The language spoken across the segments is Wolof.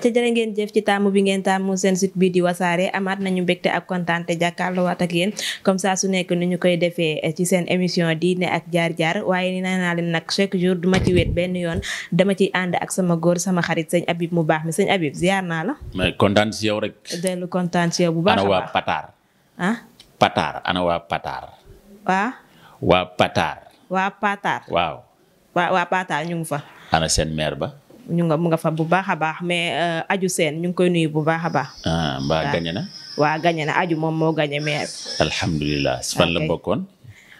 ca jërë ngeen jëf ci taamu bi ngeen taamu seen site bii di wasaare amaat nañu mbégte ak kontaan te jàkkaarloowaat ak comme ça su nekk ni ñu koy defee eh, ci seen émission diine ak jaar-jaar waaye ni naa naa leen nag chaque jour duma ci wéet benn yoon dama ci ànd ak sama góor sama xarit sëñ Habib mu baax mi sëñ Habib ziar naa la. mais kontaan si yow rek. dellu kontaan si bu baax a baax ana waa Pataar. ah Pataar ana waa Pataar. waa. Pataar. waa Pataar. waa Pataar ñu ngi fa. ana seen maire ba. ñu nga mu nga fa bu baax a baax mais euh, aju seen ñu ngi koy nuyu bu baax a baax. Ah, mbaa gañe na. waa gañe na aju moom moo gañe mee alhamdulilah fan la bokkoon.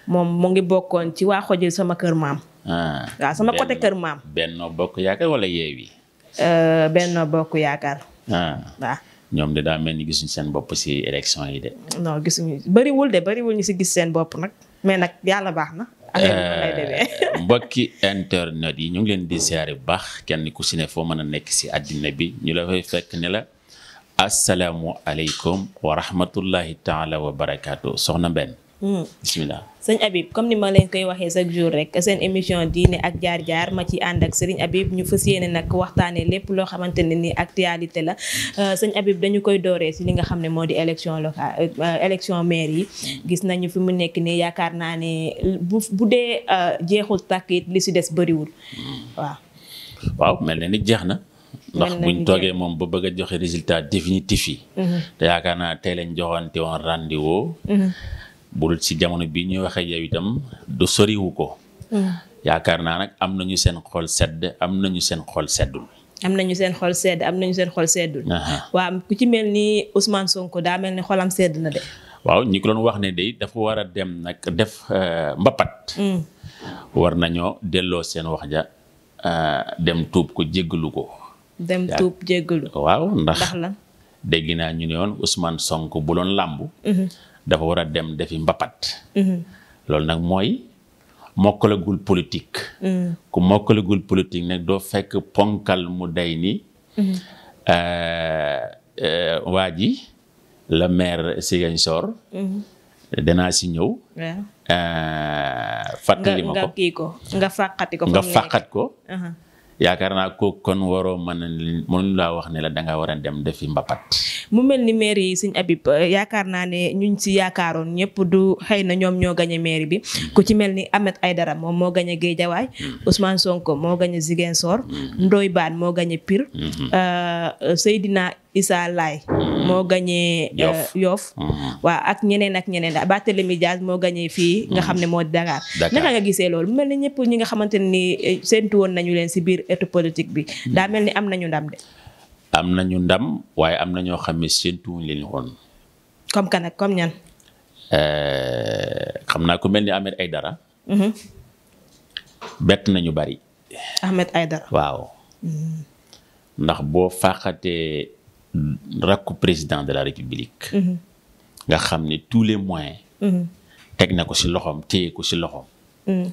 moom mu ngi bokkoon ci waa xojo sama kër maam. Ah, waaw sama côté kër maam. Benno Bokk Yaakaar wala Yewwi. Euh, Benno Bokk Yaakaar. Ah. waaw. ñoom de daal mel ni gis gisuñu seen bopp si élection yi de. non gisuñu bëriwul de bëriwul ñu si gis seen bopp nag mais nag yàlla baax na. Euh, mbokki internet yi ñu ngi leen di siyaare baax kenn ku si ne foo mën a nekk si àddina bi ñu la fay fekk ne la asalaamualeykum wa rahmatullahi taala wa barakaatu soxna Mbène Mm. bisimilah. sëñ Habib comme ni ma leen koy waxee chaque jour rek seen émission diine ak jaar-jaar ma ci ànd ak Serigne Habib ñu fas yéene nag waxtaanee lépp loo xamante ne ni actualité la euh, sëñ Habib dañu koy dooree si li nga xam ne moo di élection locale euh, élection maire yi gis nañu fi mu nekk nii yaakaar naa ne bu bu dee euh, jeexul tàkk it li si des bëriwul mm. waaw. mel na ni jeex na. ndax buñ toogee moom ba bëgg a joxe résultat définitif yi. Mm-hmm. te yaakaar naa tey lañ joxante woon rendez mm-hmm. bu dul ci jamono bi ñuy waxee yow itam du soriwu ko. Hmm. yaakaar naa nag am nañu seen xol sedd am nañu seen xol seddul. am nañu seen xol sedd am nañu seen xol seddul. waaw ku ci mel ni Ousmane Sonko daa mel ni xolam sedd na de. waaw ñi ko doon wax ne de dafa war a dem nag def euh, mbapat. Hmm. war nañoo delloo seen wax ja euh, dem tuub ko jéggalu ko. dem tuub jéggalu. waaw ndax ndax la dégg naa ñu ne woon Ousmane Sonko bu loon làmb. Hmm. dafa war a dem defi mbapat. Mhm. loolu nag mooy mokkalagul politique. Mhm. ku mokkalagul politique nag doo fekk ponkal mu day ni. Mhm. Euh, euh, waa ji la maire Ziguinchor. danaa si ñëw. Euh, fàttali ma ko nga kii ko nga fàqati ko. yaakaar naa kooku kon waroo mën a mënu laa wax ne la danga war a dem defi mbapat mu mel ni maire yi sëñ Abib euh, yaakaar naa ne ñuñ si yaakaaroon ñëpp du xëy na ñoom ñoo gañe maire bi mm. ku ci mel ni ay dara moom moo gañe Guédiawaye mm. Ousmane sonk moo gañe Ziguinchor mm. Ndoye Bane moo gañe Pire mm-hmm. euh, Seydina Issa Laye mm-hmm. moo gagné euh, Yoff mm-hmm. waaw ak ñeneen ak ñeneen daal Barthélémy Dias moo gagné fii nga mm-hmm. xam ne moo Dakar naka nga gisee loolu mel ni ñëpp ñi nga xamante ni eh, séntu woon nañu leen si biir étu politique bi daa mel ni am nañu ndam de am nañu ndam waaye am na ñoo xam ne séntuwuñ leen woon comme kan ak comme ñan eh, xam naa ku mel ni Ahmed Aïdara bett nañu bari Ahmed Aïdara waaw ndax boo faaxatee rakku président de la république. Mm-hmm. nga xam ne tous les moyens. Mm-hmm. teg na ko si loxoom téye ko si loxoom. Mm-hmm.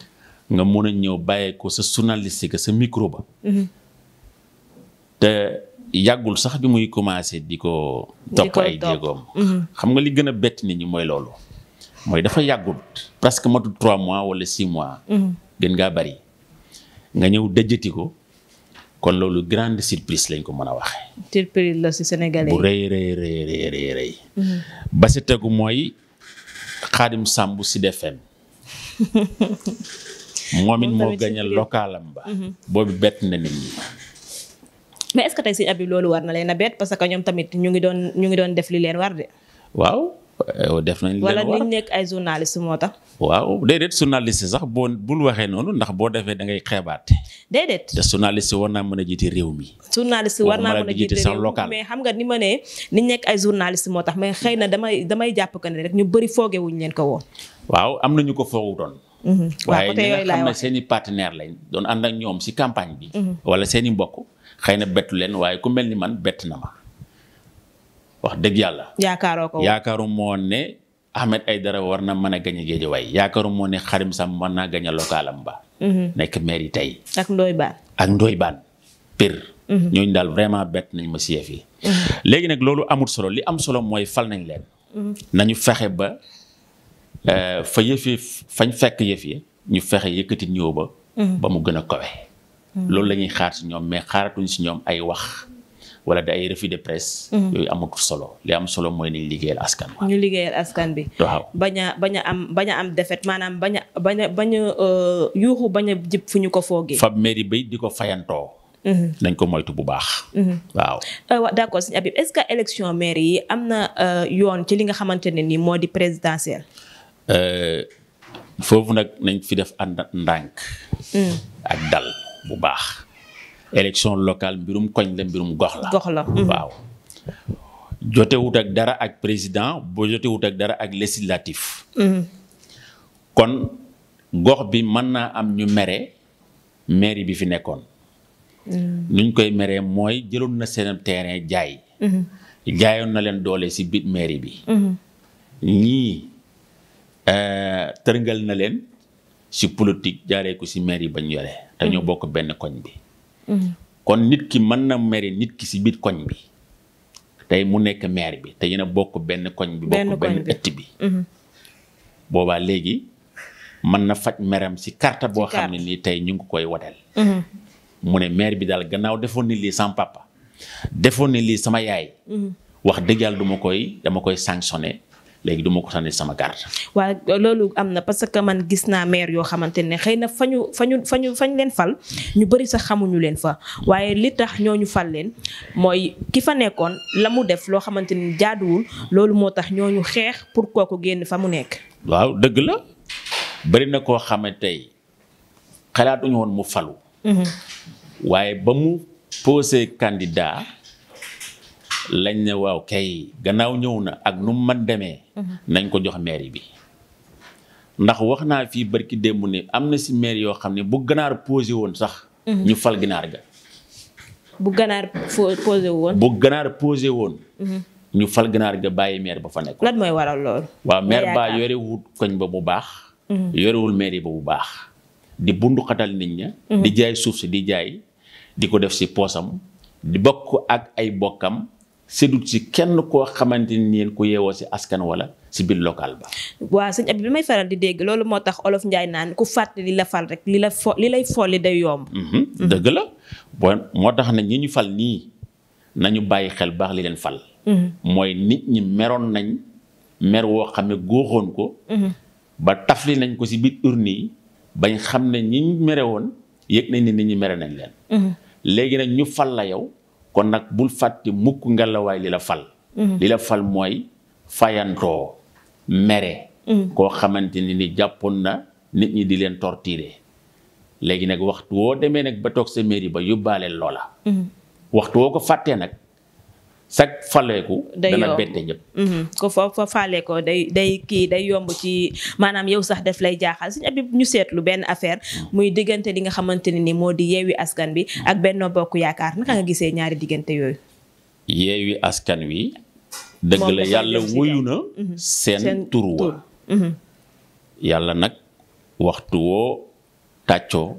nga mun a ñëw bàyyee ko sa journaliste que sa micro ba. te yàggul sax bi muy commencé di ko. topp ay jéegoom. xam nga li gën a bett nit ñi mooy loolu. mooy dafa yàggul presque matul trois mois wala six mois. gën ngaa bari nga ñëw dajati ko. kon loolu grande surprise lañ ko mën a wax surprise la si sénégalais bu rëy rëy rëy rëy rëy. Mhm. ba si tegu mooy Xaadim Samb moom it moo gañal lokalam ba. Mhm. boobu bett na nit ñi. mais si abi loolu war na leen a bett parce que ñoom tamit ñu ngi doon ñu ngi doon def li leen war de. waaw Eh, def nañ nekk ay journaliste moo tax. waaw déedéet journaliste sax boo bul waxee noonu ndax boo defee da ngay xeebaate. déedéet te journaliste war naa mën a jiite réew mi. journaliste war naa mën a jiite réew mi mais xam nga ni ma ne ni nekk ay journaliste moo tax mais xëy na damay damay jàpp que ne rek ñu bëri fooge wuñ leen ko woon. waaw am na ñu ko foogutoon. Mhm. waaye ñi nga xam ne seen i partenaire lañ doon ànd ñoom si campagne bi. Mhm. wala seen i mbokk xëy na bettu leen waaye ni man bett na wax dëgg yàlla. yaakaaroo ko yaakaaru moo ne Ahmed dara war na mën a gañ a Géejawaay yaakaaru moo ne Xarim Samb mën naa gañ a ba. Mhm. nekk maire yi tey. ak Ndoye Bane. ak Ndoye baan pire. Mhm. ñooñu daal vraiment bett nañ ma siyeef yi. Mhm. léegi nag loolu amul solo li am solo mooy fal nañ leen. nañu fexe ba euh, fa yëf fañ fekk yëf yi ñu fexe yëkkati ñëw ba. ba mu gën a kowe. loolu lañuy xaar si ñoom mais xaaratuñ si ñoom ay wax. wala day refus de presse. Mhm. yooyu amul solo li am solo mooy nañ liggéeyal askan bi. ñu liggéeyal askan bi. waaw bañ a am bañ a am defet maanaam bañ a bañ a bañ a euh, yuuxu bañ a jib fu ñu ko foogee. fab mairie bi di ko fayantoo. Mhm. nañ ko moytu bu baax. Mhm. waaw. Euh, waaw d'accord sëñ Habib est-ce que élection maire yi am na euh, yoon ci li nga xamante ne nii moo di présidentielle. foofu nag nañ fi def ànd ndànk. ak dal bu baax. élection locale mbirum koñ la mbirum gox la. gox la waaw. Mm-hmm. jotewut ak dara ak président boo jotewut ak dara ak législatif. Mm-hmm. kon gox bi mën naa am ñu mere mairie bi fi nekkoon. Mm-hmm. nuñ koy meree mooy jëloon na seen terrain jaay. jaayoon na leen doole si biir mairie bi. ñii euh, tërngal na leen ci politique jaaree ko ci mairie ba ñu yore. dañoo bokk benn koñ bi. kon nit ki mën na meri nit ki si biir koñ bi tey mu nekk maire bi te yéen bokk benn koñ bi bokk benn ëtt bi mhm. boobaa léegi mën na faj meram si carte boo xam ne nii tey ñu ngi koy wadal mhm. mu ne maire bi daal gannaaw defoon ni lii sama papa defoon ni lii sama yaay mhm. wax dëgg yàlla du koy dama koy sanctionné léegi du ko tànnee sama garde. waaw loolu am na parce que man gis naa maire yoo xamante ne xëy na fa ñu fa ñu fa ñu fañ leen fa ñu bëri sax xamuñu leen fa waaye li tax ñooñu fal leen mooy ki fa nekkoon la mu def loo xamante ni jaaduwul loolu moo tax ñooñu xeex pour kooku génn fa mu nekk. waaw dëgg la bari na koo xam ne tey xalaatuñu woon mu falu. Mhm. waaye ba mu posé candidat. lañ ne waaw kay gannaaw ñëw na ak nu mu mën demee. Mhm. nañ ko jox mairie bi. ndax wax naa fii barki démb ni am na si maire yoo xam ne bu ganaar posé woon sax. Mhm. ñu fal ganaar ga. bu ganaar posé woon. woon. Mhm. ñu fal ganaar ga bàyyi meer ba fa nekk. lan mooy waral loolu. waaw maire baa yorewul koñ ba bu baax. yorewul maire ba bu baax. di bundu xatal nit ña. di jaay suuf si di jaay di ko def si poosam di bokk ak ay bokkam. séddut si kenn koo xamante ni ku yeewoo si askan wala si biir local ba. waaw sëñ Abib li may faral di dégg loolu moo tax olof Njaay naan ku fàttali li la fal rek li la fo li lay folli day yomb. Mhm, mhm. dëgg la bon moo tax na ñi ñu fal nii nañu bàyyi xel baax li leen fal. Mhm. mooy nit ñi meroon nañ mer woo xam ne góoxoon ko. ba tafli nañ ko si biir urne yi bañ xam ne ñi ñu mere woon yëg nañ nit ñi mere nañ leen. léegi nag ñu fal la yow. kon nag bul fàtte mukk ngelawaay li la fal. Mhm. li la fal mooy fayantoo mere. Mhm. koo xamante ni ni jàppoon na nit ñi di leen tortiire léegi nag waxtu woo demee nag ba toog sa mairie ba yóbbaale loola. Mhm. waxtu woo ko fàttee nag. chaque faleeku. day dana bette ñëpp. Mm-hmm. ko foofu faale day day kii day yomb ci maanaam yow sax def lay jaaxal suñu abib ñu seetlu benn affaire mm. muy diggante li nga xamante ne ni moo di yeewi askan bi mm. ak Benno Bokk Yaakaar naka nga gisee ñaari diggante yooyu. yeewi askan wi. dëgg la yàlla wuyu na. Mm-hmm. seen tur mm-hmm. yàlla nag waxtu woo tàccoo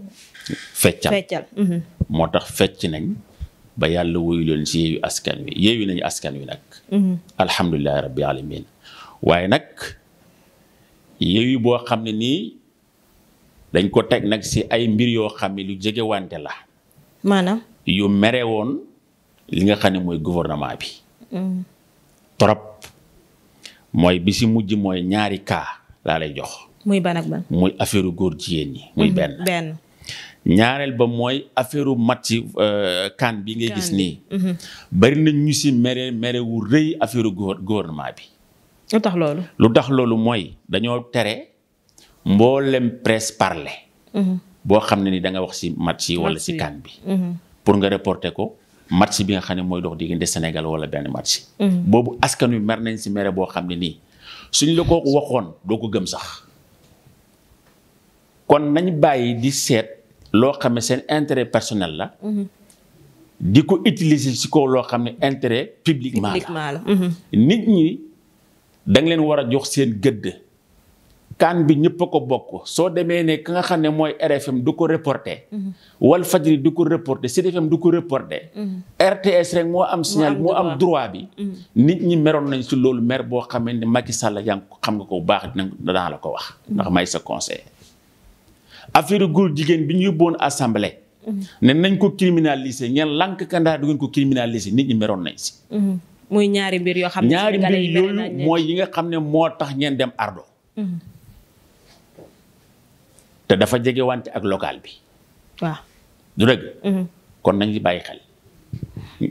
feccal. moo tax fecc nañ. ba yàlla wuyu leen si askan wi yeewi nañu askan wi nag mhm. alhamdulilahi rabbi alamin waaye nag yeewi boo xam ne nii dañ ko teg nag ci ay mbir yoo xam ne lu jege wante la maanaam yu mere woon li nga xam ne mooy gouvernement bi mhm. trop mooy bisi mujj mooy ñaari cas laa lay jox muy ban ak muy affaire góor jigéen ñi muy mhm. benn ñaareel ba mooy affaireu match kan euh, bi ngay gis nii mhm. bari nañ ñu si mere mere wu rëy affaireu gouvernement bi lu tax loolu lu tax loolu mooy dañoo tere mboolem presse parler mhm. boo xam ne ni da nga wax si match yi wala si kan bi mhm. pour nga reporter ko match bi nga xam ne mooy dox diggante Sénégal wala benn match boobu askan wi mer nañ si mere boo xam ne nii suñ la ko waxoon doo ko gëm sax kon nañ bàyyi di seet loo xam ne seen intérêt personnel la. di ko utiliser si kaw loo xam ne intérêt. publiquement la mhm. nit ñi da leen war a jox seen gëdd. kan bi ñëpp a ko bokk soo demee ne ka nga xam ne mooy RFM du ko reporté. Mhm. wal fajri du ko reporté Sud FM du ko reporté. Mhm. RTS rek moo am signal moo am droit bi. nit ñi meroon nañ si loolu mer boo xam ne Macky Sall yaa ngi xam nga ko bu baax dina la ko wax. ndax may sa conseil. affaire góor jigéen bi ñu yóbboon assemblée. Mm-hmm. ne nañ ko criminaliser ngeen lànk kandaa du ngeen ko criminaliser nit ñi meroon nañ si. Mm-hmm. muy ñaari mbir yoo xam ne ñaari mbir yooyu mooy yi nga xam ne moo tax ngeen dem ardo mm-hmm. te dafa jege wante ak local bi. waaw du dëgg. kon nañ ci xel.